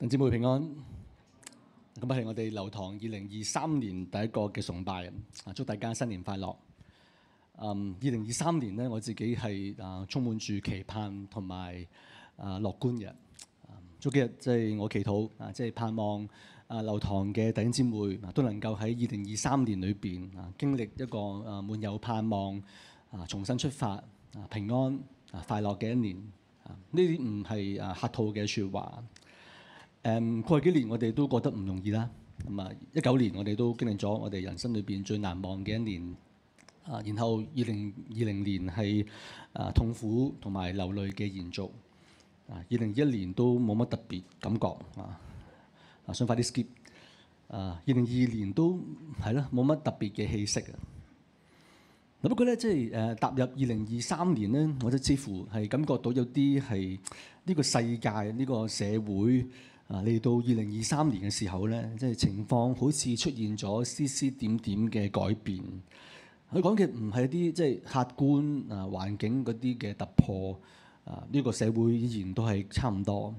弟兄姊妹平安，咁啊，係我哋流堂二零二三年第一個嘅崇拜啊！祝大家新年快樂。嗯，二零二三年咧，我自己係啊充滿住期盼同埋啊樂觀嘅。早幾日即係我祈禱啊，即係盼望啊流堂嘅弟兄姊妹啊，都能夠喺二零二三年裏邊啊經歷一個啊滿有盼望啊重新出發啊平安啊快樂嘅一年啊！呢啲唔係啊客套嘅説話。誒過去幾年我哋都覺得唔容易啦。咁啊，一九年我哋都經歷咗我哋人生裏邊最難忘嘅一年。啊，然後二零二零年係啊痛苦同埋流淚嘅延續。啊，二零二一年都冇乜特別感覺啊。啊，想快啲 skip。啊，二零二二年都係咯冇乜特別嘅氣息啊。嗱不過咧，即係誒踏入二零二三年咧，我就似乎係感覺到有啲係呢個世界呢個社會。啊，嚟到二零二三年嘅時候咧，即係情況好似出現咗絲絲點點嘅改變。佢講嘅唔係啲即係客觀啊環境嗰啲嘅突破啊，呢個社會依然都係差唔多。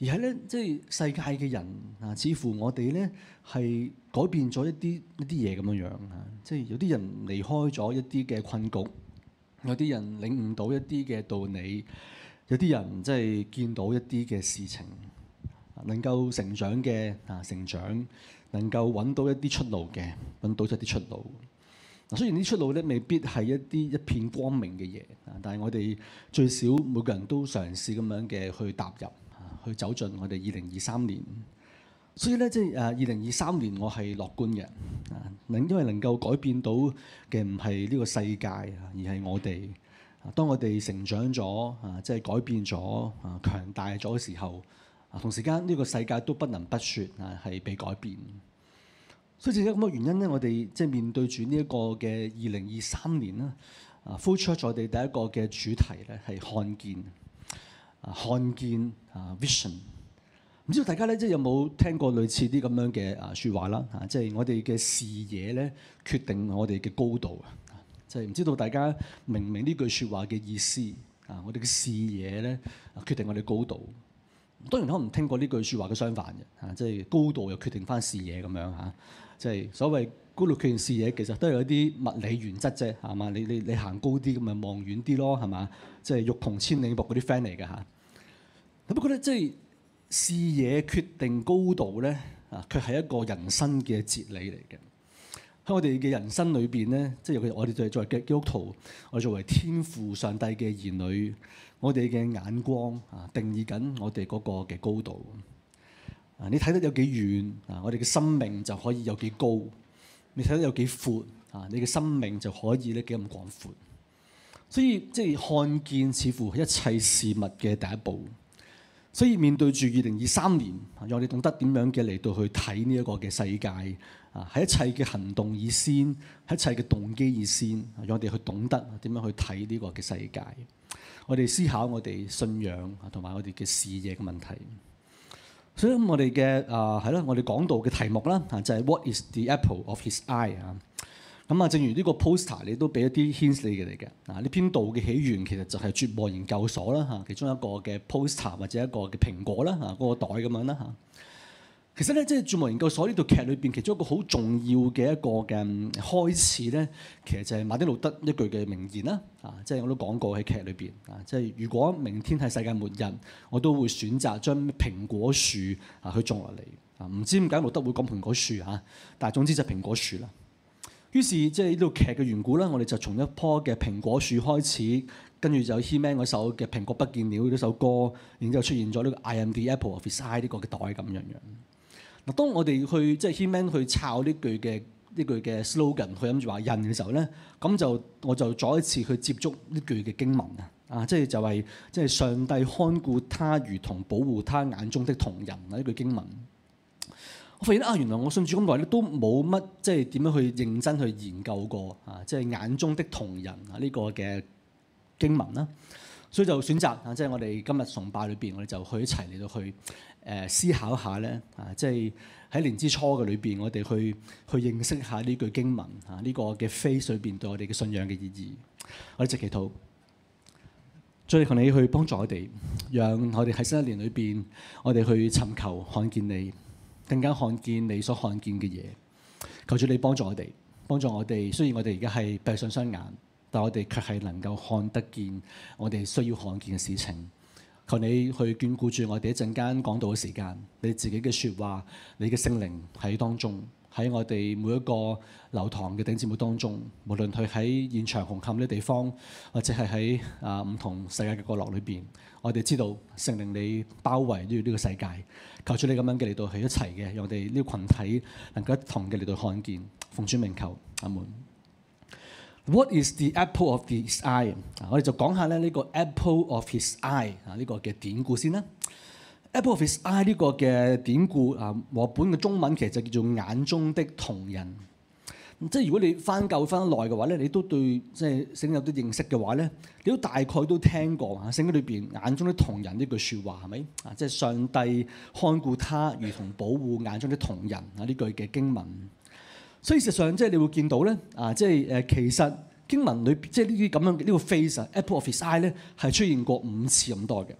而係咧，即係世界嘅人啊，似乎我哋咧係改變咗一啲一啲嘢咁樣樣嚇。即係有啲人離開咗一啲嘅困局，有啲人領悟到一啲嘅道理，有啲人即係見到一啲嘅事情。能夠成長嘅啊，成長能夠揾到一啲出路嘅，揾到一啲出路。嗱，雖然啲出路咧未必係一啲一片光明嘅嘢，但係我哋最少每個人都嘗試咁樣嘅去踏入，去走進我哋二零二三年。所以咧，即係誒二零二三年，我係樂觀嘅。能因為能夠改變到嘅唔係呢個世界，而係我哋。當我哋成長咗啊，即係改變咗啊，強大咗嘅時候。同時間，呢個世界都不能不説啊，係被改變。所以正因為咁嘅原因咧，我哋即係面對住呢一個嘅二零二三年啦。啊，Future 在地第一個嘅主題咧係看見，啊看見啊 vision。唔知道大家咧即係有冇聽過類似啲咁樣嘅啊説話啦？啊，即係我哋嘅視野咧決定我哋嘅高度啊！即係唔知道大家明唔明呢句説話嘅意思啊？我哋嘅視野咧決定我哋高度。當然可能聽過呢句説話嘅相反嘅嚇，即係高度又決定翻視野咁樣嚇，即係所謂高度決定視野，其實都係有啲物理原則啫嚇嘛，你你你行高啲咁咪望遠啲咯係嘛，即係欲窮千里目嗰啲 friend 嚟嘅嚇，咁不過咧，即係視野決定高度咧啊，佢係一個人生嘅哲理嚟嘅。喺我哋嘅人生裏邊咧，即係尤其我哋作為作為基督徒，我作為天父上帝嘅兒女。我哋嘅眼光啊，定義緊我哋嗰個嘅高度啊！你睇得有幾遠啊？我哋嘅生命就可以有幾高。你睇得有幾闊啊？你嘅生命就可以咧幾咁廣闊。所以即係看見，似乎係一切事物嘅第一步。所以面對住二零二三年，讓我哋懂得點樣嘅嚟到去睇呢一個嘅世界啊！喺一切嘅行動以先，喺一切嘅動機以先，讓我哋去懂得點樣去睇呢個嘅世界。我哋思考我哋信仰啊，同埋我哋嘅視野嘅問題。所以我哋嘅啊係咯，我哋講道嘅題目啦，就係 What is the apple of His eye 啊？咁啊，正如呢個 poster，你都俾一啲 hint 你嘅嚟嘅。啊，呢篇道嘅起源其實就係絕望研究所啦嚇，其中一個嘅 poster 或者一個嘅蘋果啦嚇，嗰個袋咁樣啦嚇。其實咧，即係《著魔研究所》呢套劇裏邊，其中一個好重要嘅一個嘅開始咧，其實就係馬丁路德一句嘅名言啦，啊，即係我都講過喺劇裏邊，啊，即係如果明天係世界末日，我都會選擇將蘋果樹啊去種落嚟，啊，唔知點解路德會講蘋果樹啊，但係總之就蘋果樹啦。於是即係呢套劇嘅緣故咧，我哋就從一棵嘅蘋果樹開始，跟住就 He-Man 嗰首嘅《蘋果不見了》呢首歌，然之後出現咗呢、這個 I am the apple of His eye 呢、這個嘅袋咁樣樣。當我哋去即係、就是、human 去抄呢句嘅呢句嘅 slogan，佢諗住話印嘅時候咧，咁就我就再一次去接觸呢句嘅經文啊！啊，即係就係即係上帝看顧他，如同保護他眼中的瞳人。啊！呢句經文，我發現啊，原來我信主咁耐咧都冇乜即係點樣去認真去研究過啊！即、就、係、是、眼中的瞳人、這個。啊呢個嘅經文啦。所以就選擇啊，即、就、係、是、我哋今日崇拜裏邊，我哋就一去一齊嚟到去誒思考一下咧啊！即係喺年之初嘅裏邊，我哋去去認識一下呢句經文啊，呢、這個嘅非裏邊對我哋嘅信仰嘅意義。我哋直祈禱，再同你去幫助我哋，讓我哋喺新一年裏邊，我哋去尋求看見你，更加看見你所看見嘅嘢。求主你幫助我哋，幫助我哋。雖然我哋而家係閉上雙眼，但我哋卻係能夠看得見我哋需要看見嘅事情，求你去眷顧住我哋一陣間講道嘅時間，你自己嘅説話，你嘅聖靈喺當中，喺我哋每一個流堂嘅頂姊妹當中，無論佢喺現場紅磡呢啲地方，或者係喺啊唔同世界嘅角落裏邊，我哋知道聖靈你包圍呢呢個世界，求主你咁樣嘅嚟到喺一齊嘅，讓我哋呢個群體能夠一同嘅嚟到看見，奉主名求，阿門。What is the apple of his eye？啊，我哋就講下咧呢個 apple of his eye 啊呢個嘅典故先啦。apple of his eye 呢個嘅典故啊，原本嘅中文其實就叫做眼中的瞳人。即係如果你翻教會翻得耐嘅話咧，你都對即係聖經有啲認識嘅話咧，你都大概都聽過啊聖經裏邊眼中的瞳人呢句説話係咪啊？即係上帝看顧他，如同保護眼中的瞳人啊呢句嘅經文。所以事實上即係你會見到咧，啊，即係誒其實經文裏即係呢啲咁樣呢，這個 face 啊，Apple of his eye 咧係出現過五次咁多嘅。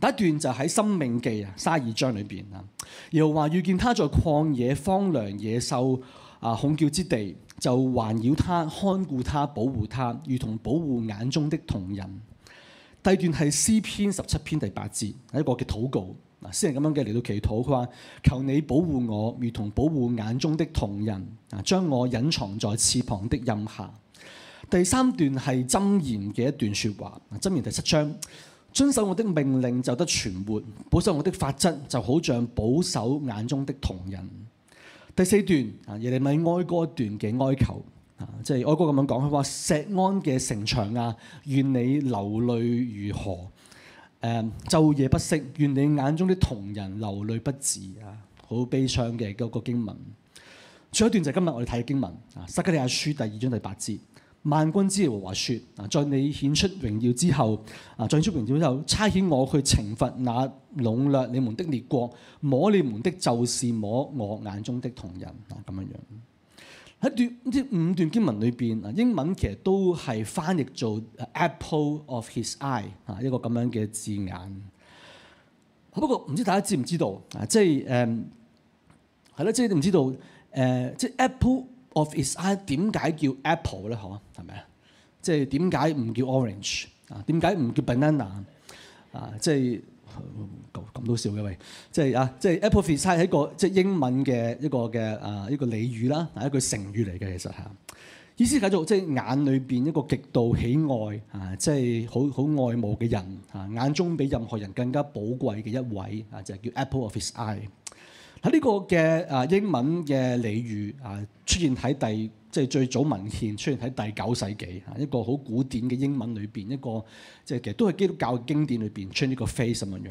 第一段就喺《生命記》啊，沙二章裏邊啦，又話遇見他在曠野荒涼野獸啊吼叫之地，就環繞他看顧他保護他，如同保護眼中的瞳人。第二段係詩篇十七篇第八節，係一個嘅禱告。嗱，先係咁樣嘅嚟到祈禱，佢話：求你保護我，如同保護眼中的瞳人，啊，將我隱藏在翅膀的陰下。第三段係箴言嘅一段說話，箴言第七章：遵守我的命令就得存活，保守我的法則就好像保守眼中的瞳人。第四段，耶利米一段、就是、哥啊，耶利米哀歌段嘅哀求啊，即係哀歌咁樣講，佢話：錫安嘅城牆啊，願你流淚如何？誒，晝、嗯、夜不息，願你眼中啲瞳人流淚不止啊，好悲傷嘅個個經文。最後一段就係今日我哋睇嘅經文啊，《撒迦利亞書》第二章第八節，萬軍之耶和華說：啊，在你顯出榮耀之後，啊，在顯出榮耀之後，差遣我去懲罰那擄掠你們的列國，摸你們的，就是摸我眼中的瞳人啊，咁樣樣。喺段呢五段經文裏邊啊，英文其實都係翻譯做 apple of his eye 啊，一個咁樣嘅字眼。不過唔知大家知唔知道啊？即係誒，係咯，即係你唔知道誒，即係 apple of his eye 點解叫 apple 咧？嗬，係咪啊？即係點解唔叫 orange 啊？點解唔叫 banana 啊、就是？即係。咁都笑嘅喂，即、就、係、是、啊，即係 Apple of His eye 係一個即係、就是、英文嘅一個嘅啊一個俚語啦，係、啊、一句成語嚟嘅，其實吓，意思係做即係、就是、眼裏邊一個極度喜愛，啊，即係好好愛慕嘅人啊，眼中比任何人更加寶貴嘅一位啊，就係、是、叫 Apple of His eye。喺、啊、呢、這個嘅啊英文嘅俚語啊出現喺第。即係最早文獻出現喺第九世紀，一個好古典嘅英文裏邊，一個即係其實都係基督教嘅經典裏邊出現呢個 face 咁樣樣。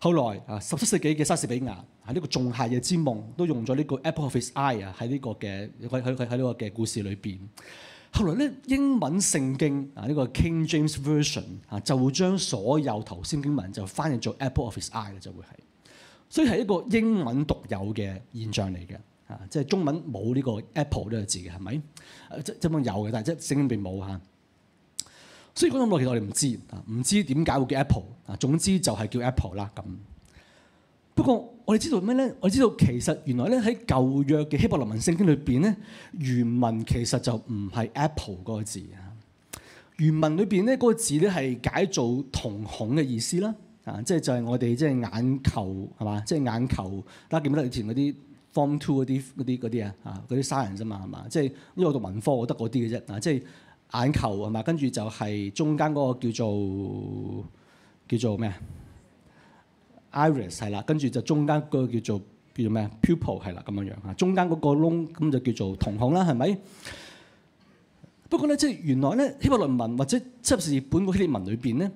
後來啊，十七世紀嘅莎士比亞喺呢個《仲夏夜之夢》都用咗呢個 apple of his eye 啊，喺呢個嘅喺喺喺呢個嘅故事裏邊。後來咧，英文聖經啊，呢個 King James Version 啊，就會將所有頭先經文就翻譯做 apple of his eye 就會係，所以係一個英文獨有嘅現象嚟嘅。即係中文冇呢個 Apple 呢個字嘅，係咪？即即咁有嘅，但係即係聖經入邊冇嚇。所以講咁耐，其實我哋唔知，唔知點解會叫 Apple。啊，總之就係叫 Apple 啦咁。不過我哋知道咩咧？我知道其實原來咧喺舊約嘅希伯來文聖經裏邊咧，原文其實就唔係 Apple 嗰個字啊。原文裏邊咧嗰個字咧係解做瞳孔嘅意思啦。啊，即係就係、是、我哋即係眼球係嘛？即係、就是、眼球，大家記得以前嗰啲。form two 嗰啲，嗰啲嗰啲啊嚇嗰啲 science 啫嘛，係嘛，即係、就是、因為我讀文科，我得嗰啲嘅啫。嗱，即、就、係、是、眼球係嘛，跟住就係中間嗰個叫做叫做咩啊？iris 係啦，跟住就中間嗰個叫做叫做咩？pupil 係啦，咁樣樣啊，中間嗰個窿咁就叫做瞳孔啦，係咪？不過咧，即係原來咧希伯來文或者七十士譯本嗰啲文裏邊咧，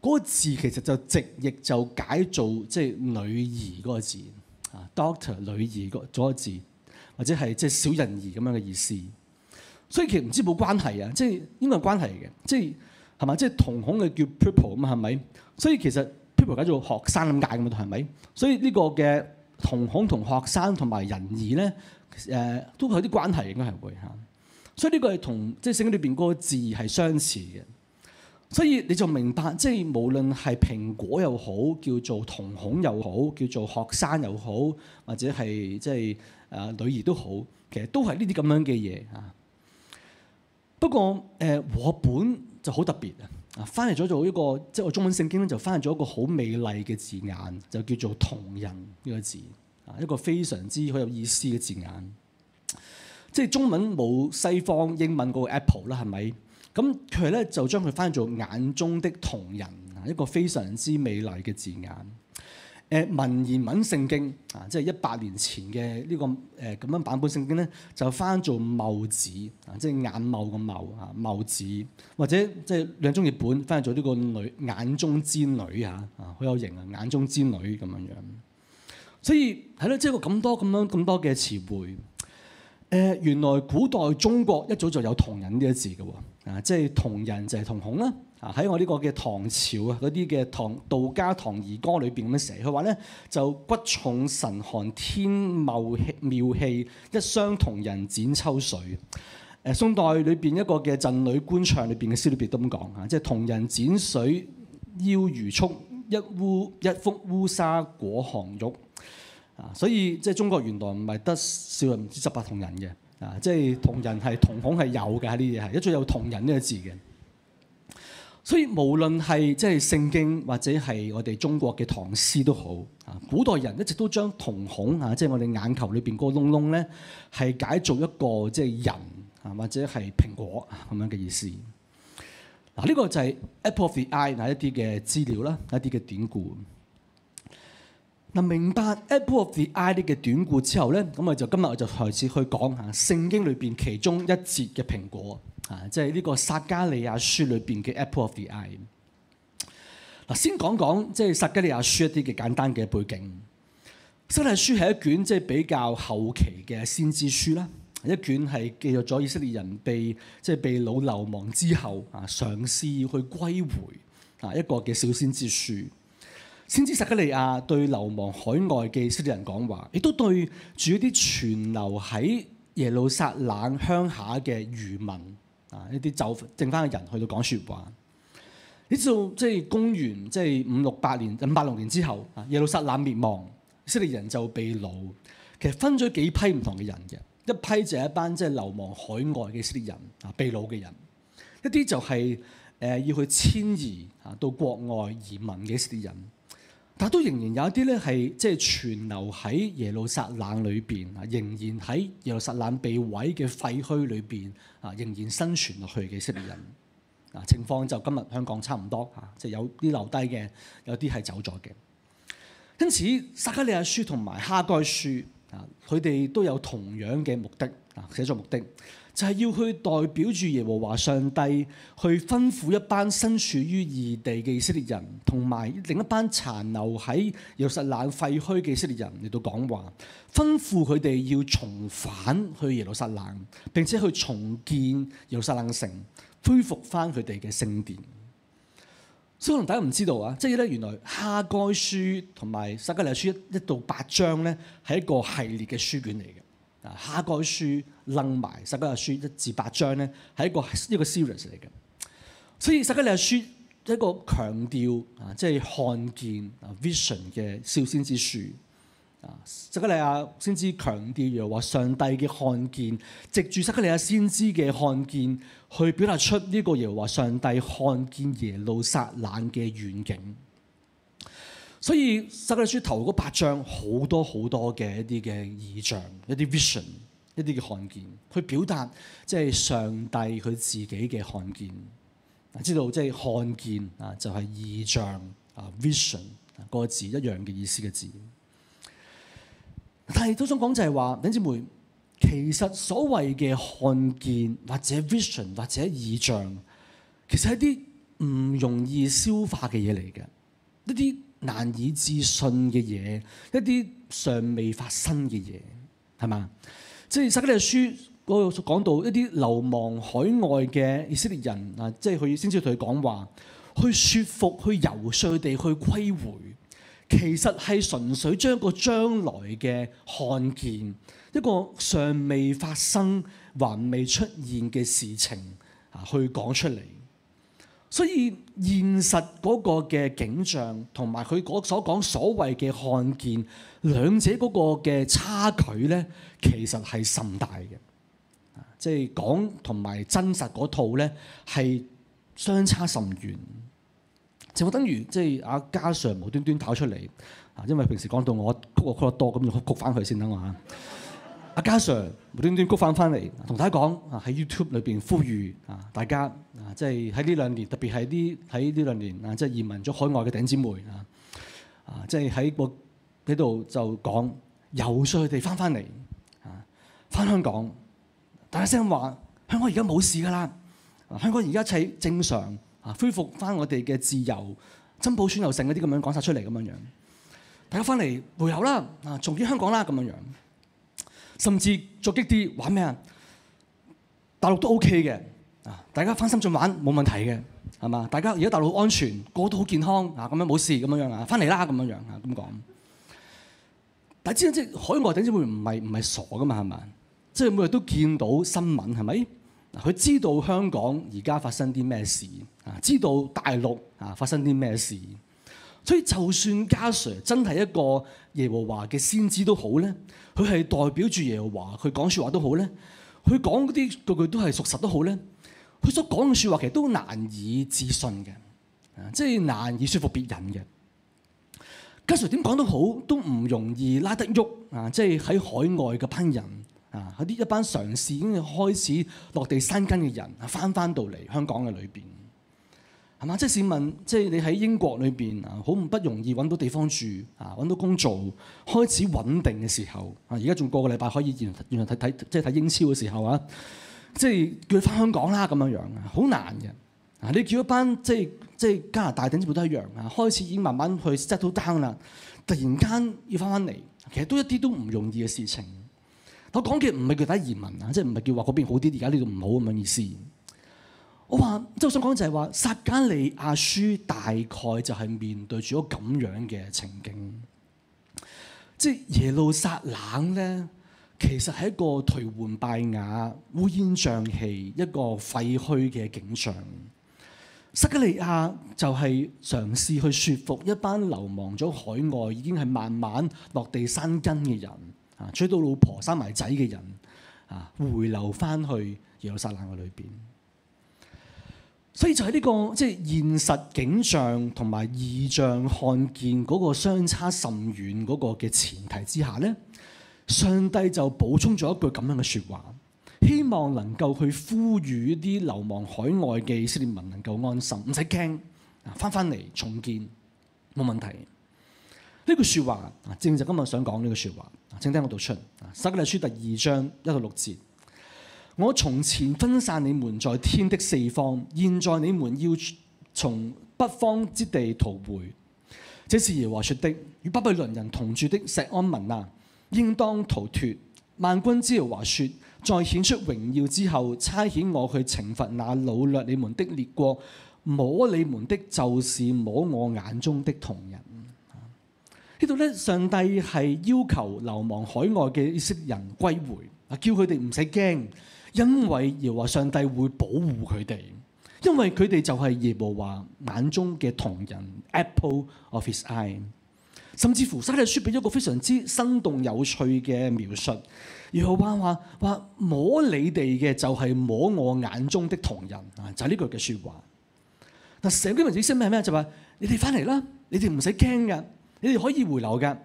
嗰、那個字其實就直譯就解做即係女兒嗰個字。啊，Doctor 女兒嗰個字，或者係即係小人兒咁樣嘅意思，所以其實唔知冇關係啊，即係應該有關係嘅，即係係嘛，即係瞳孔嘅叫 pupil 咁，係咪？所以其實 pupil 解做學生咁解咁啊，係咪？所以呢個嘅瞳孔同學生同埋仁兒咧，誒都係有啲關係，應該係應該會嚇。所以呢個係同即係聖經裏邊嗰個字係相似嘅。所以你就明白，即係無論係蘋果又好，叫做瞳孔又好，叫做學生又好，或者係即係啊女兒都好，其實都係呢啲咁樣嘅嘢啊。不過誒、呃，和本就好特別啊！翻嚟咗做一個，即係我中文聖經咧，就翻嚟咗一個好美麗嘅字眼，就叫做瞳人呢個字啊，一個非常之好有意思嘅字眼。即係中文冇西方英文嗰個 Apple 啦，係咪？咁佢咧就將佢翻做眼中的瞳人啊，一個非常之美麗嘅字眼。誒文言文聖經啊，即係一百年前嘅呢個誒咁樣版本聖經咧，就翻做眸子啊，即係、就是、眼眸嘅眸啊，眸子或者即係、就是、兩種譯本翻去做呢個女眼中之女嚇啊，好有型啊，眼中之女咁樣樣。所以係咯，即係個咁多咁樣咁多嘅詞彙。誒原來古代中國一早就有瞳人呢一字嘅喎，啊，即係瞳人就係瞳孔啦，啊喺我呢個嘅唐朝啊嗰啲嘅唐道家唐兒歌裏邊咁樣寫，佢話咧就骨重神寒天茂氣妙氣，一雙瞳人剪秋水。誒宋代裏邊一個嘅鎮裏官唱裏邊嘅詩裏邊都咁講嚇，即係瞳人剪水腰如束，一烏一幅烏紗裹寒玉。所以即係、就是、中國原來唔係得少人，唔止十八同人嘅。啊、就是，即係同人係瞳孔係有嘅，啲嘢係一早有同人呢個字嘅。所以無論係即係聖經或者係我哋中國嘅唐詩都好，啊，古代人一直都將瞳孔啊，即、就、係、是、我哋眼球裏邊個窿窿咧，係解做一個即係、就是、人啊，或者係蘋果咁樣嘅意思。嗱，呢個就係 Apple of the Eye 嗱，一啲嘅資料啦，一啲嘅典故。嗱，明白 Apple of the Eye 嘅短故之後咧，咁我就今日我就開始去講下聖經裏邊其中一節嘅蘋果，啊，即係呢個撒迦利亞書裏邊嘅 Apple of the Eye。嗱，先講講即係撒迦利亞書一啲嘅簡單嘅背景。撒迦利亞書係一卷即係比較後期嘅先知書啦，一卷係記載咗以色列人被即係、就是、被擄流亡之後啊，嘗試要去歸回啊一個嘅小先知書。先知撒迦利亞對流亡海外嘅以色列人講話，亦都對住一啲存留喺耶路撒冷鄉下嘅漁民啊，一啲就剩翻嘅人去到講説話。你知道，即係公元即係五六百年、五八六年之後啊，耶路撒冷滅亡，以色列人就被擄。其實分咗幾批唔同嘅人嘅，一批就係一班即係流亡海外嘅以色列人啊，被擄嘅人；一啲就係誒要去遷移啊到國外移民嘅以色列人。但都仍然有一啲咧係即係存留喺耶路撒冷裏邊啊，仍然喺耶路撒冷被毀嘅廢墟裏邊啊，仍然生存落去嘅以色列人啊，情況就今日香港差唔多啊，即係有啲留低嘅，有啲係走咗嘅。因此，撒迦利亞書同埋哈該書。佢哋都有同樣嘅目的，寫作目的就係、是、要去代表住耶和華上帝去吩咐一班身處於異地嘅以色列人，同埋另一班殘留喺耶路撒冷廢墟嘅以色列人嚟到講話，吩咐佢哋要重返去耶路撒冷，並且去重建耶路撒冷城，恢復翻佢哋嘅聖殿。所以可能大家唔知道啊，即係咧原來《哈該書》同埋《撒迦利亞書》一到八章咧係一個系列嘅書卷嚟嘅。啊，《哈該書》掹埋《撒迦利亞書》一至八章咧係一個呢個 series 嚟嘅。所以《撒迦利亞書》一個強調，即係看見啊 vision 嘅少先之書。啊！撒迦利亞先知強調，耶和華上帝嘅看見，藉住撒迦利亞先知嘅看見去表達出呢、這個，耶和華上帝看見耶路撒冷嘅遠景。所以《撒迦利亞書》頭嗰八章好多好多嘅一啲嘅異象，一啲 vision，一啲嘅看見，去表達即係上帝佢自己嘅看見。知道即係看見啊，就係、是、異、就是、象啊，vision 個字一樣嘅意思嘅字。但係都想講就係話，弟兄姊妹，其實所謂嘅看見或者 vision 或者意象，其實係一啲唔容易消化嘅嘢嚟嘅，一啲難以置信嘅嘢，一啲尚未發生嘅嘢，係嘛？即係《撒迦利亞書》嗰度講到一啲流亡海外嘅以色列人啊，即係佢先至同佢講話，去説服、去游說地去歸回。其實係純粹將一個將來嘅看見，一個尚未發生、還未出現嘅事情啊，去講出嚟。所以現實嗰個嘅景象同埋佢所講所謂嘅看見，兩者嗰個嘅差距呢，其實係甚大嘅。即係講同埋真實嗰套呢，係相差甚遠。就況等於即係阿嘉 Sir 無端端跑出嚟，啊，因為平時講到我曲我曲得多，咁就曲翻佢先啦，我、啊、嚇。阿嘉 Sir 無端端谷翻翻嚟，同大家講啊，喺 YouTube 裏邊呼籲啊，大家啊，即係喺呢兩年，特別係啲喺呢兩年啊，即係移民咗海外嘅頂姊妹啊，啊，即係喺個喺度就講遊說佢哋翻翻嚟啊，翻香港，大家聲話香港而家冇事㗎啦，香港而家一切正常，啊！恢復翻我哋嘅自由，真普選又剩嗰啲咁樣講晒出嚟咁樣樣，大家翻嚟回流啦！啊，重建香港啦咁樣樣，甚至作激啲玩咩啊？大陸都 OK 嘅，啊，大家翻深圳玩冇問題嘅，係嘛？大家而家大陸好安全，過到好健康啊，咁樣冇事咁樣樣啊，翻嚟啦咁樣樣啊咁講。大家知唔知海外啲人會唔係唔係傻噶嘛？係嘛？即係每日都見到新聞係咪？佢知道香港而家發生啲咩事啊？知道大陸啊發生啲咩事？所以就算迦 Sir 真係一個耶和華嘅先知都好咧，佢係代表住耶和華佢講説話都好咧，佢講嗰啲句句都係屬實都好咧，佢所講嘅説話其實都難以置信嘅，啊，即係難以説服別人嘅。迦 Sir 點講都好都唔容易拉得喐啊！即係喺海外嘅班人，啊！嗰啲一班嘗試已經開始落地生根嘅人，翻翻到嚟香港嘅裏邊，係嘛？即係市民，即係你喺英國裏邊啊，好唔不容易揾到地方住，啊揾到工做，開始穩定嘅時候，啊而家仲個個禮拜可以原原來睇睇即係睇英超嘅時候啊，即係叫佢翻香港啦咁樣樣，好難嘅。啊，你叫一班即係即係加拿大頂部都一樣啊，開始已經慢慢去 set to down 啦，突然間要翻翻嚟，其實都一啲都唔容易嘅事情。我講嘅唔係叫大移民，啊，即係唔係叫話嗰邊好啲，而家呢度唔好咁樣意思。我話即係我想講就係、是、話，撒迦利亞書大概就係面對住咗咁樣嘅情景，即係耶路撒冷咧，其實係一個頹垣敗瓦、烏煙瘴氣、一個廢墟嘅景象。撒迦利亞就係嘗試去説服一班流亡咗海外、已經係慢慢落地生根嘅人。啊！追到老婆、生埋仔嘅人，啊，回流翻去耶路撒冷嘅裏邊。所以就喺呢、這個即係、就是、現實景象同埋異象看見嗰個相差甚遠嗰個嘅前提之下咧，上帝就補充咗一句咁樣嘅說話，希望能夠去呼籲一啲流亡海外嘅以色列民能夠安心，唔使驚，翻翻嚟重建冇問題。呢句說話，正就今日想講呢句說話，請聽我讀出《撒迦利亞書》第二章一到六節：我從前分散你們在天的四方，現在你們要從北方之地逃回。這是耶和華說的：與巴比倫人同住的錫安民啊，應當逃脱。萬軍之耶和華說：在顯出榮耀之後，差遣我去懲罰那擄掠你們的列國，摸你們的，就是摸我眼中的瞳人。呢度咧，上帝係要求流亡海外嘅一人歸回啊，叫佢哋唔使驚，因為耶和華上帝會保護佢哋，因為佢哋就係耶和華眼中嘅瞳人 （apple of his eye）。甚至乎撒迦利亞書俾咗一個非常之生動有趣嘅描述，耶和華話：話摸你哋嘅就係摸我眼中的瞳人啊，就係、是、呢句嘅説話。嗱，成篇文字寫咩咩就話、是、你哋翻嚟啦，你哋唔使驚嘅。你哋可以回流嘅，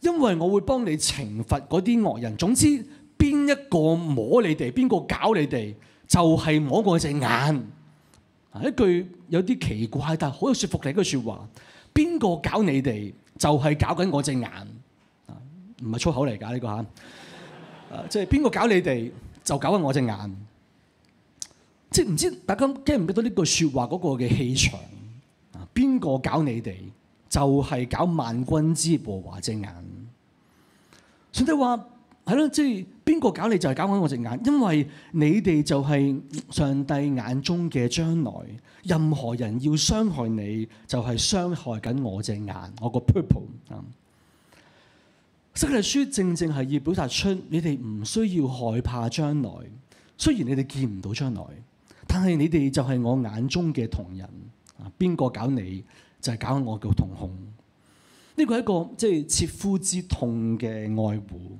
因為我會幫你懲罰嗰啲惡人。總之邊一個摸你哋，邊個搞你哋，就係、是、摸我隻眼。一句有啲奇怪，但係好有説服力嘅説話。邊個搞你哋、這個 啊，就係搞緊我隻眼。唔係粗口嚟㗎呢個嚇，即係邊個搞你哋，就搞緊我隻眼。即係唔知大家驚唔驚到呢句説話嗰個嘅氣場。邊個搞你哋？就係搞萬軍之耶和華隻眼，上帝話係咯，即係邊個搞你就係搞緊我隻眼，因為你哋就係上帝眼中嘅將來。任何人要傷害你，就係、是、傷害緊我隻眼，我個 purple 啊。撒迦利亞書正正係要表達出，你哋唔需要害怕將來。雖然你哋見唔到將來，但係你哋就係我眼中嘅瞳人啊！邊個搞你？就係搞到我個瞳孔，呢個係一個即係、就是、切膚之痛嘅愛護。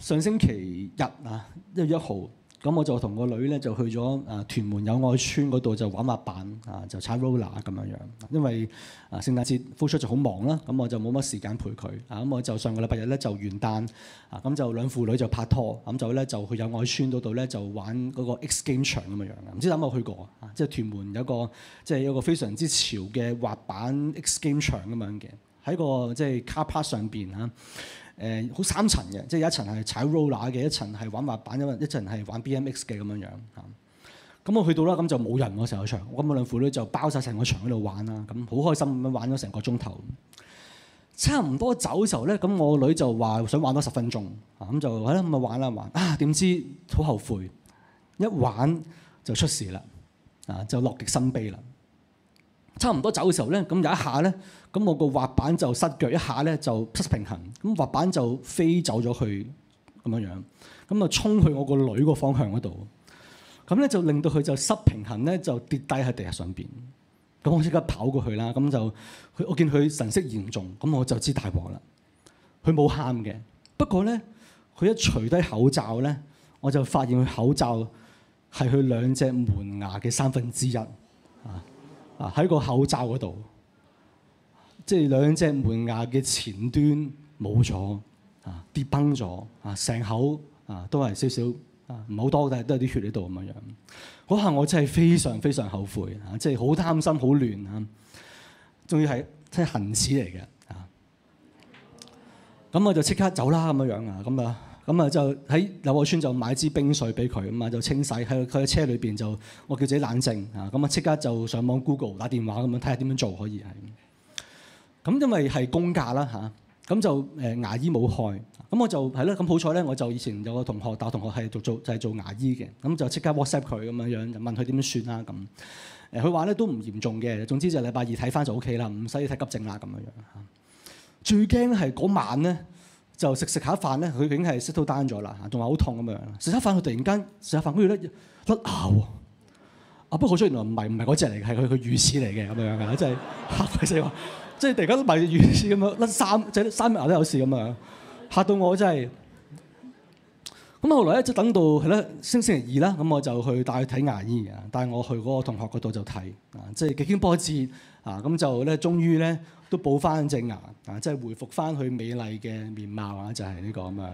上星期日啊，一月一號。咁我就同個女咧就去咗啊屯門友愛邨嗰度就玩滑板啊，就踩 roller 咁樣樣。因為啊聖誕節復出就好忙啦，咁我就冇乜時間陪佢啊。咁我就上個禮拜日咧就元旦啊，咁就兩父女就拍拖，咁就咧就去友愛邨嗰度咧就玩嗰個 X game 場咁嘅樣嘅。唔知有冇去過啊？即係屯門有個即係有個非常之潮嘅滑板 X game 場咁樣嘅，喺個即係 car park 上邊啊。誒好、呃、三層嘅，即係一層係踩 roller 嘅，一層係玩滑板，一層一層係玩 B M X 嘅咁樣樣嚇。咁我去到啦，咁就冇人喎成個場。我咁我兩父女就包晒成個場喺度玩啦，咁好開心咁樣玩咗成個鐘頭。差唔多走嘅時候咧，咁我個女就話想玩多十分鐘嚇，咁就係啦咁咪玩啦玩啊。點知好後悔一玩就出事啦啊，就樂極生悲啦。差唔多走嘅時候咧，咁有一下咧，咁我個滑板就失腳一下咧，就失平衡，咁滑板就飛走咗去咁樣樣，咁啊衝去我個女個方向嗰度，咁咧就令到佢就失平衡咧，就跌低喺地下上邊。咁我即刻跑過去啦，咁就佢我見佢神色嚴重，咁我就知大鑊啦。佢冇喊嘅，不過咧佢一除低口罩咧，我就發現佢口罩係佢兩隻門牙嘅三分之一啊。啊！喺個口罩嗰度，即係兩隻門牙嘅前端冇咗，啊跌崩咗，啊成口啊都係少少啊，唔好多，但係都係啲血喺度咁樣樣。嗰下我真係非常非常後悔吓，即係好擔心、好亂吓，仲要係真係恆齒嚟嘅啊！咁我就即刻走啦咁樣樣啊咁啊～咁啊就喺柳下村就買支冰水俾佢，咁啊就清洗，喺佢喺車裏邊就我叫自己冷靜啊，咁啊即刻就上網 Google 打電話咁樣睇下點樣做可以係咁，咁因為係公價啦嚇，咁、啊、就誒、呃、牙醫冇開。咁我就係啦，咁好彩咧，我就以前有個同學，大學同學係做做就係、是、做牙醫嘅，咁就即刻 WhatsApp 佢咁樣樣就問佢點算啦咁，誒佢話咧都唔嚴重嘅，總之就禮拜二睇翻就 OK 啦，唔使睇急症啦咁樣樣嚇、啊。最驚咧係嗰晚咧。就食食下飯咧，佢已經係 settle down 咗啦，嚇，仲話好痛咁樣。食下飯，佢突然間食下飯嗰陣甩牙喎。啊，不過好彩原來唔係唔係嗰隻嚟嘅，係佢佢乳齒嚟嘅咁樣嘅，真係嚇鬼死！即係突然間都迷乳齒咁樣甩三即三牙都有事咁樣，嚇到我真係。咁後來咧，即等到星星期二啦，咁我就去帶佢睇牙醫啊，帶我去嗰個同學嗰度就睇啊，即係幾經波折啊，咁就咧終於咧。都補翻隻牙啊！即係回復翻佢美麗嘅面貌啊！就係、是、呢個咁樣。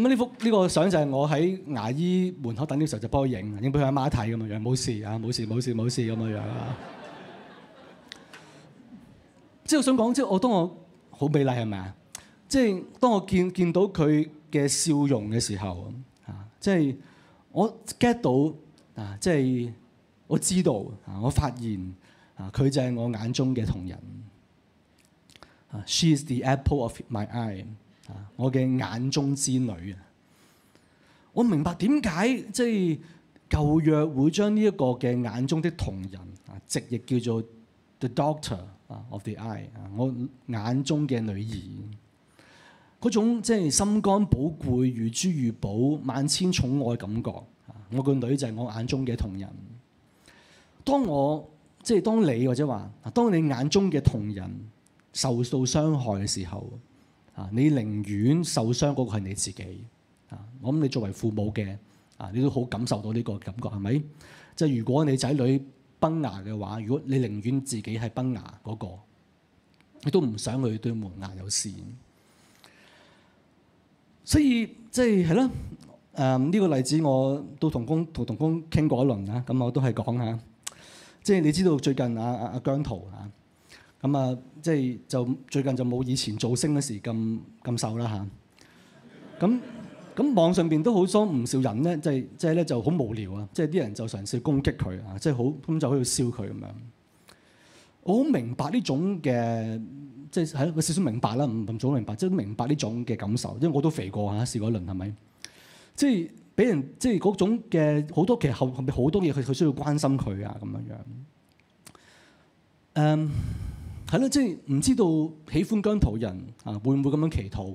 咁呢幅呢、呢個相就係我喺牙醫門口等嘅時候就幫佢影，影俾佢阿媽睇咁啊樣。冇事啊，冇事冇事冇事咁啊樣。 即係我想講即係我，我，當我好美麗係咪啊？即係當我見見到佢嘅笑容嘅時候啊，即係我 get 到啊，即係我知道啊，我發現。啊！佢就係我眼中嘅瞳人。啊，she's the apple of my eye。啊，我嘅眼中之女。我明白點解即係舊約會將呢一個嘅眼中的瞳人啊，直譯叫做 the daughter 啊，of the eye。啊，我眼中嘅女兒。嗰種即係、就是、心肝寶貴、如珠如寶、萬千寵愛感覺。啊，我個女就係我眼中嘅瞳人。當我即係當你或者話，當你眼中嘅瞳人受到傷害嘅時候，啊，你寧願受傷嗰個係你自己，啊，我諗你作為父母嘅，啊，你都好感受到呢個感覺係咪？即係如果你仔女崩牙嘅話，如果你寧願自己係崩牙嗰個，你都唔想佢對門牙有事。所以即係係咯，誒，呢個例子我都同工同同工傾過一輪啦，咁我都係講下。即係你知道最近阿阿阿姜濤啊，咁啊，即係就最近就冇以前造星嗰時咁咁瘦啦嚇。咁咁 網上邊都好多唔少人咧，即係即係咧就好無聊啊！即係啲人就嘗試攻擊佢啊，即係好咁就可以笑佢咁樣。我好明白呢種嘅，即係係咯，我少少明白啦，唔唔早明白，即係明白呢種嘅感受，因為我都肥過嚇，試過一輪係咪？即係。俾人即係嗰種嘅好多，其實後後面好多嘢，佢佢需要關心佢啊咁樣樣。誒係咯，即係唔知道喜歡姜濤人啊，會唔會咁樣祈禱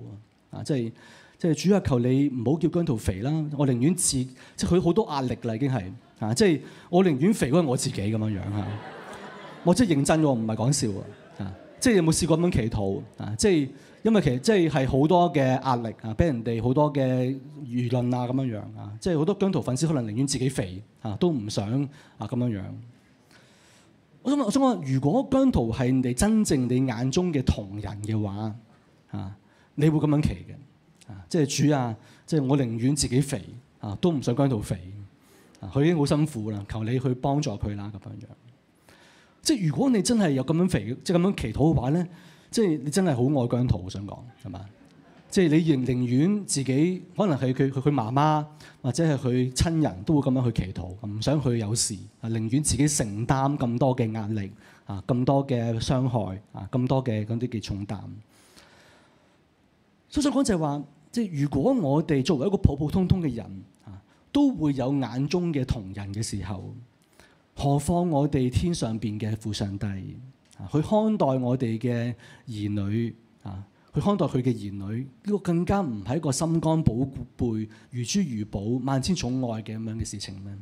啊？即係即係主啊，求你唔好叫姜濤肥啦！我寧願自即係佢好多壓力啦，已經係啊！即係我寧願肥嗰係我自己咁樣樣嚇。我真係認真喎，唔係講笑喎啊！即係有冇試過咁樣祈禱啊？即係。因為其實即係係好多嘅壓力啊，俾人哋好多嘅輿論啊咁樣樣啊，即係好多姜濤粉絲可能寧願自己肥啊，都唔想啊咁樣樣。我想問，我想問，如果姜濤係你真正你眼中嘅瞳人嘅話啊，你會咁樣祈嘅啊？即係主啊，即係我寧願自己肥啊，都唔想姜濤肥啊。佢已經好辛苦啦，求你去幫助佢啦咁樣樣。即係如果你真係有咁樣肥，即係咁樣祈禱嘅話咧。即係你真係好愛姜濤，我想講係嘛？即係、就是、你仍寧願自己可能係佢佢媽媽或者係佢親人都會咁樣去祈禱，唔想佢有事，寧願自己承擔咁多嘅壓力啊、咁多嘅傷害啊、咁多嘅啲嘅重擔。所以想講就係話，即、就、係、是、如果我哋作為一個普普通通嘅人、啊，都會有眼中嘅瞳人嘅時候，何況我哋天上邊嘅父上帝？去看待我哋嘅兒女啊，去看待佢嘅兒女，呢個更加唔係一個心肝寶貝、如珠如寶、萬千寵愛嘅咁樣嘅事情咩？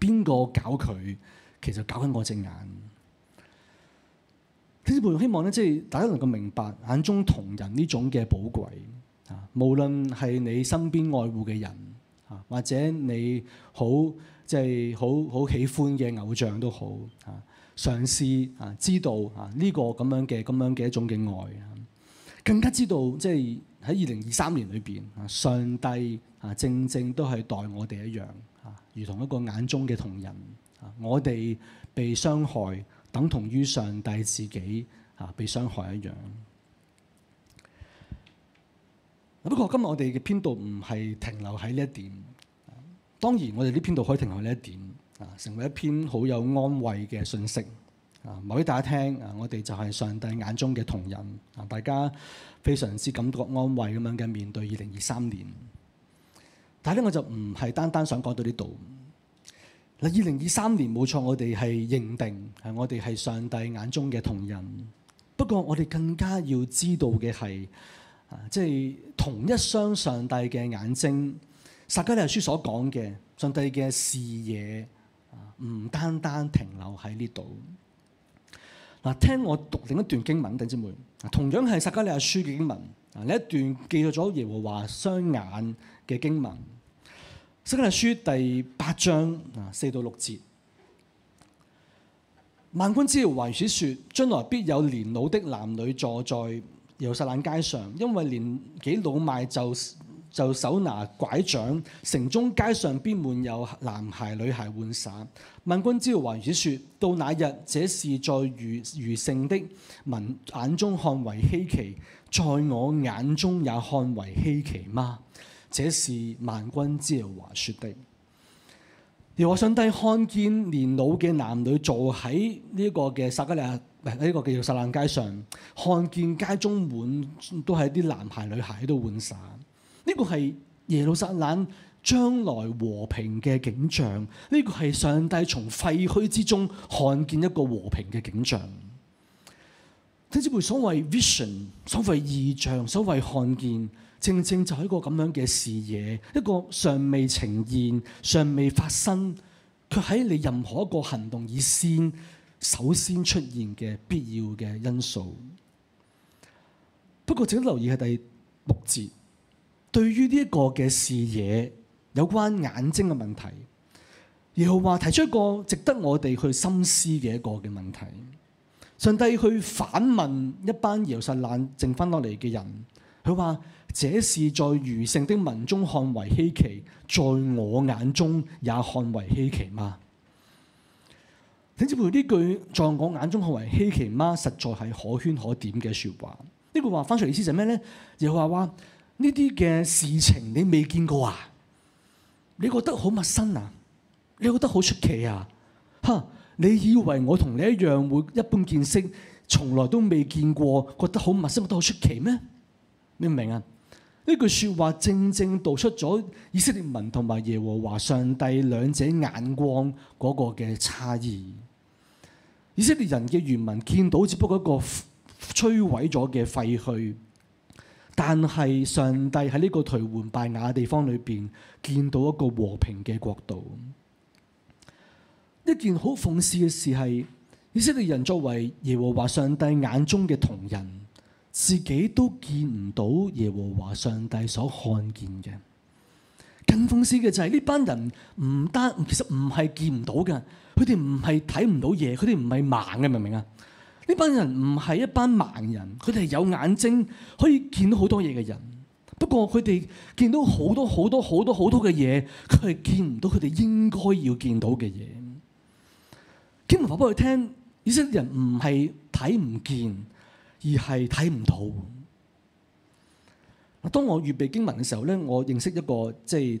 邊個搞佢？其實搞緊我隻眼。啲主希望咧，即係大家能夠明白眼中瞳仁呢種嘅寶貴啊，無論係你身邊愛護嘅人啊，或者你好。即係好好喜歡嘅偶像都好啊，嘗試啊，知道啊、這、呢個咁樣嘅咁樣嘅一種嘅愛啊，更加知道即係喺二零二三年裏邊啊，上帝啊正正都係待我哋一樣啊，如同一個眼中嘅瞳人啊，我哋被傷害等同於上帝自己啊被傷害一樣。不過今日我哋嘅編導唔係停留喺呢一點。當然，我哋呢篇度可以停下呢一點，啊，成為一篇好有安慰嘅信息，啊，話俾大家聽，啊，我哋就係上帝眼中嘅瞳人。啊，大家非常之感覺安慰咁樣嘅面對二零二三年。但係咧，我就唔係單單想講到呢度。嗱，二零二三年冇錯，我哋係認定係我哋係上帝眼中嘅瞳人。不過，我哋更加要知道嘅係，啊，即係同一雙上帝嘅眼睛。撒迦利亞書所講嘅上帝嘅視野唔單單停留喺呢度。嗱，聽我讀另一段經文，弟兄姊妹，同樣係撒迦利亞書嘅經文，呢一段記載咗耶和華雙眼嘅經文。撒迦利亞書第八章嗱四到六節，萬軍之耶和華如此說：將來必有年老的男女坐在耶路撒冷街上，因為年紀老邁就就手拿拐杖，城中街上必滿有男孩女孩玩耍。萬軍之耶和華如此說：到那日，這是在餘剩的民眼中看為稀奇，在我眼中也看為稀奇嗎？這是萬軍之耶和華說的。而我想睇看見年老嘅男女坐喺呢個嘅撒迦利亞呢、唔係，這個嘅撒冷街上，看見街中滿都係啲男孩女孩喺度玩耍。呢個係耶路撒冷將來和平嘅景象，呢個係上帝從廢墟之中看見一個和平嘅景象。呢知部所謂 vision，所謂異象，所謂看見，正正就喺一個咁樣嘅視野，一個尚未呈現、尚未發生，卻喺你任何一個行動以先、首先出現嘅必要嘅因素。不過，請留意係第六節。對於呢一個嘅視野有關眼睛嘅問題，耶和華提出一個值得我哋去深思嘅一個嘅問題。上帝去反問一班搖實冷剩翻落嚟嘅人，佢話：這是在餘剩的民中看為稀奇，在我眼中也看為稀奇嗎？點知乎呢句在我眼中看為稀奇嗎？實在係可圈可點嘅說話。呢句話翻出嚟意思係咩咧？耶和華話。呢啲嘅事情你未見過啊？你覺得好陌生啊？你覺得好出奇啊？哈！你以為我同你一樣會一般見識，從來都未見過，覺得好陌生，覺得好出奇咩？你唔明啊？呢句說話正正道出咗以色列民同埋耶和華上帝兩者眼光嗰個嘅差異。以色列人嘅原民見到只不過一個摧毀咗嘅廢墟。但係上帝喺呢個頹垣敗瓦嘅地方裏邊，見到一個和平嘅國度。一件好諷刺嘅事係，以色列人作為耶和華上帝眼中嘅瞳人，自己都見唔到耶和華上帝所看見嘅。更諷刺嘅就係呢班人唔單其實唔係見唔到嘅，佢哋唔係睇唔到嘢，佢哋唔係盲嘅，明唔明啊？呢班人唔係一班盲人，佢哋有眼睛可以見到好多嘢嘅人。不過佢哋見到好多好多好多好多嘅嘢，佢係見唔到佢哋應該要見到嘅嘢。經文話俾佢聽，以色列人唔係睇唔見，而係睇唔到。嗱，當我預備經文嘅時候咧，我認識一個即係，就是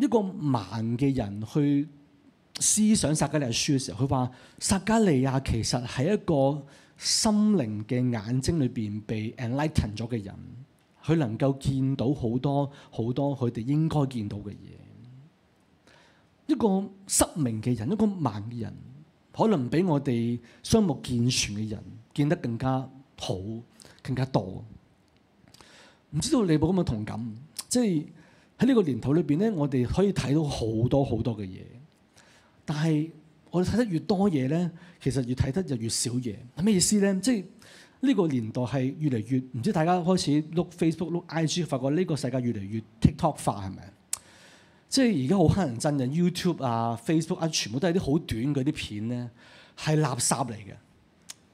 一個盲嘅人去思想撒迦利亞書嘅時候，佢話撒迦利亞其實係一個心靈嘅眼睛裏邊被 enlighten 咗嘅人，佢能夠見到好多好多佢哋應該見到嘅嘢。一個失明嘅人，一個盲嘅人，可能比我哋雙目健全嘅人見得更加好，更加多。唔知道你有冇咁嘅同感？即係。喺呢個年頭裏邊咧，我哋可以睇到好多好多嘅嘢，但係我哋睇得越多嘢咧，其實越睇得就越少嘢。係咩意思咧？即係呢個年代係越嚟越唔知大家開始碌 Facebook、碌 IG，發覺呢個世界越嚟越 TikTok 化係咪？即係而家好乞人憎嘅 YouTube 啊、Facebook 啊，全部都係啲好短嗰啲片咧，係垃圾嚟嘅，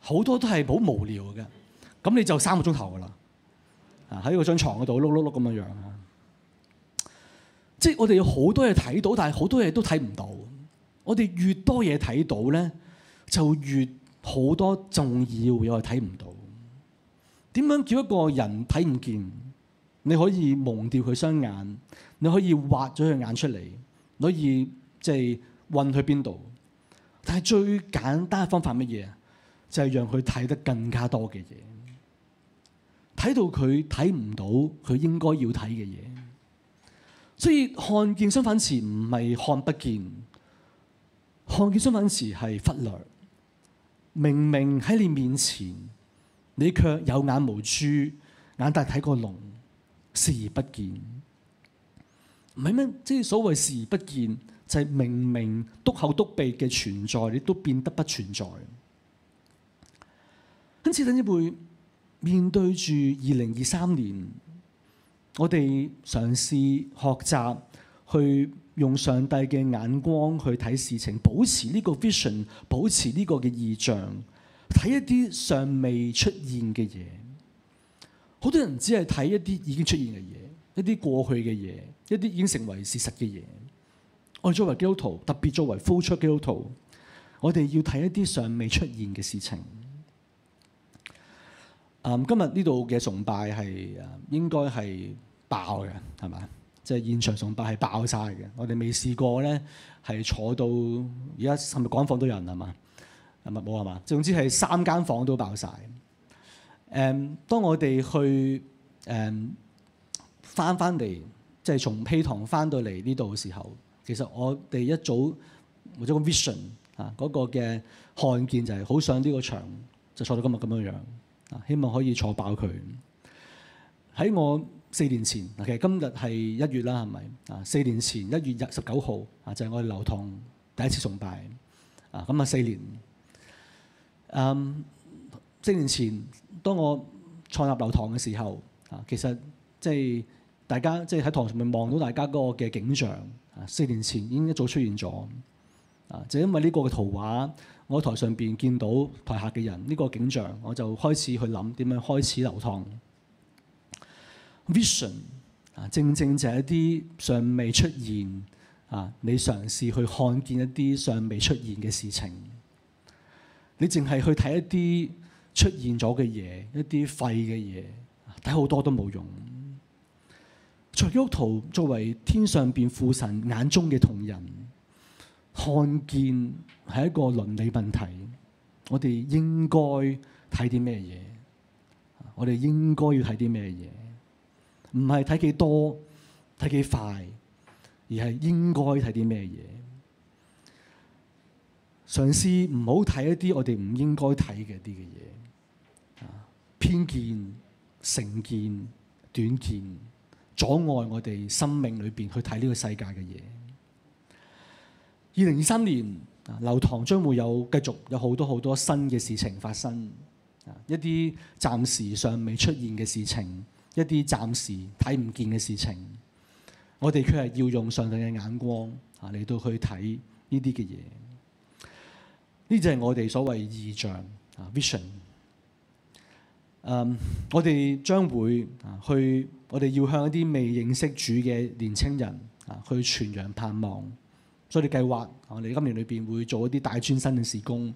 好多都係好無聊嘅。咁你就三個鐘頭㗎啦，啊喺個張床嗰度碌碌碌咁樣樣。即係我哋有好多嘢睇到，但係好多嘢都睇唔到。我哋越多嘢睇到咧，就越好多重要嘢我哋睇唔到。點樣叫一個人睇唔見？你可以蒙掉佢雙眼，你可以挖咗佢眼出嚟，你可以即係運去邊度。但係最簡單嘅方法乜嘢啊？就係讓佢睇得更加多嘅嘢，睇到佢睇唔到佢應該要睇嘅嘢。所以看見相反詞唔係看不見，看見相反詞係忽略。明明喺你面前，你卻有眼無珠，眼大睇過龍，視而不見。唔係咩？即係所謂視而不見，就係明明篤口篤鼻嘅存在，你都變得不存在。今次，等一會面對住二零二三年。我哋嘗試學習，去用上帝嘅眼光去睇事情，保持呢個 vision，保持呢個嘅意象，睇一啲尚未出現嘅嘢。好多人只係睇一啲已經出現嘅嘢，一啲過去嘅嘢，一啲已經成為事實嘅嘢。我哋作為基督徒，特別作為 flow church 基督徒，我哋要睇一啲尚未出現嘅事情。啊、嗯，今日呢度嘅崇拜係啊，應該係。爆嘅係嘛，即係現場仲爆係爆晒嘅。我哋未試過咧，係坐到而家係咪講房都有人係嘛？係咪冇係嘛？總之係三間房都爆晒。誒，當我哋去誒翻翻嚟，即係從披堂翻到嚟呢度嘅時候，其實我哋一早為咗個 vision 啊嗰個嘅看見就係好想呢個場就坐到今日咁樣樣啊，希望可以坐爆佢喺我。四年前，其實今日係一月啦，係咪？啊，四年前一月十九號啊，就係、係、我哋流堂第一次崇拜啊。咁啊，四年，嗯，四年前當我創立流堂嘅時候啊，其實即係大家即係喺堂上面望到大家嗰個嘅景象啊，四年前已經一早出現咗啊，就係、因為呢個嘅圖畫，我喺台上邊見到台下嘅人呢、呢個景象，我就開始去諗點樣開始流堂。Vision 啊，正正就係一啲尚未出現啊，你嘗試去看見一啲尚未出現嘅事情。你淨係去睇一啲出現咗嘅嘢，一啲廢嘅嘢，睇好多都冇用。卓呢幅圖作為天上邊父神眼中嘅瞳人，看見係一個倫理問題。我哋應該睇啲咩嘢？我哋應該要睇啲咩嘢？唔係睇幾多、睇幾快，而係應該睇啲咩嘢。嘗試唔好睇一啲我哋唔應該睇嘅啲嘅嘢，啊偏見、成見、短見，阻礙我哋生命裏邊去睇呢個世界嘅嘢。二零二三年，流堂將會有繼續有好多好多新嘅事情發生，啊一啲暫時尚未出現嘅事情。一啲暫時睇唔見嘅事情，我哋卻係要用上帝嘅眼光啊嚟到去睇呢啲嘅嘢，呢就係我哋所謂意象啊 vision。Um, 我哋將會啊去，我哋要向一啲未認識主嘅年青人啊去傳揚盼望。所以計劃我哋今年裏邊會做一啲大專新嘅事工，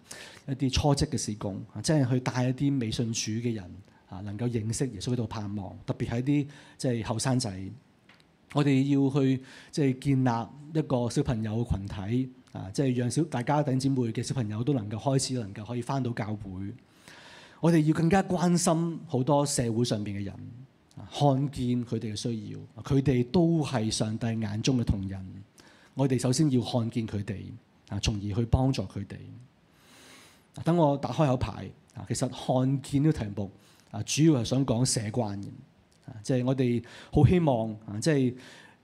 一啲初職嘅事工，即係去帶一啲未信主嘅人。啊，能夠認識耶穌喺度盼望，特別係啲即係後生仔，我哋要去即係、就是、建立一個小朋友嘅群體，啊，即係讓小大家弟兄姊妹嘅小朋友都能夠開始能夠可以返到教會，我哋要更加關心好多社會上邊嘅人，看見佢哋嘅需要，佢哋都係上帝眼中嘅同仁。我哋首先要看見佢哋，啊，從而去幫助佢哋。等我打開口牌，啊，其實看見呢個題目。啊，主要係想講社關嘅，啊，即係我哋好希望啊，即係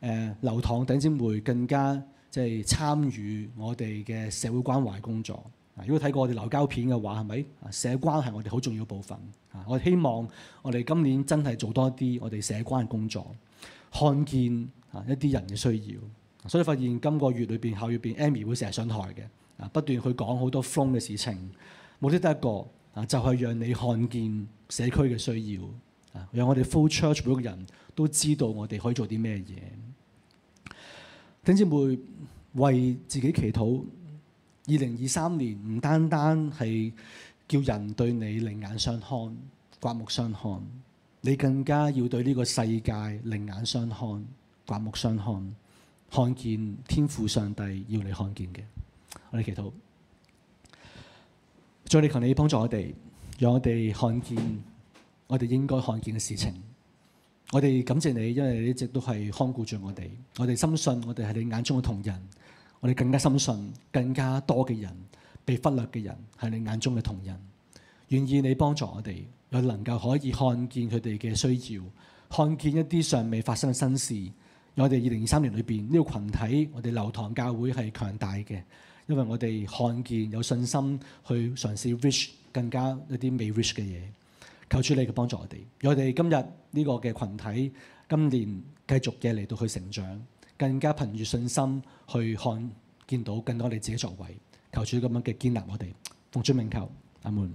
誒流堂頂尖會更加即係參與我哋嘅社會關懷工作。啊，如果睇過我哋流膠片嘅話，係咪？社關係我哋好重要嘅部分。啊，我哋希望我哋今年真係做多啲我哋社關嘅工作，看見啊一啲人嘅需要。所以發現今個月裏邊校園裏 Amy 會成日上台嘅，啊不斷去講好多 fun 嘅事情。冇得得一個。啊！就係讓你看見社區嘅需要，啊！讓我哋 Flow Church 嘅人都知道我哋可以做啲咩嘢。丁姐妹為自己祈禱，二零二三年唔單單係叫人對你另眼相看、刮目相看，你更加要對呢個世界另眼相看、刮目相看，看見天父上帝要你看見嘅。我哋祈禱。再你求你幫助我哋，讓我哋看見我哋應該看見嘅事情。我哋感謝你，因為你一直都係看顧住我哋。我哋深信我哋係你眼中嘅瞳人。我哋更加深信更，更加多嘅人被忽略嘅人係你眼中嘅瞳人。願意你幫助我哋，又能夠可以看見佢哋嘅需要，看見一啲尚未發生嘅新事。我哋二零二三年裏邊呢，這個群體，我哋流堂教會係強大嘅。因為我哋看見有信心去嘗試 reach 更加一啲未 reach 嘅嘢，求主你嘅幫助我哋。我哋今日呢個嘅群體今年繼續嘅嚟到去成長，更加憑住信心去看見到更多你自己作為。求主咁樣嘅建立我哋，奉主名求，阿門。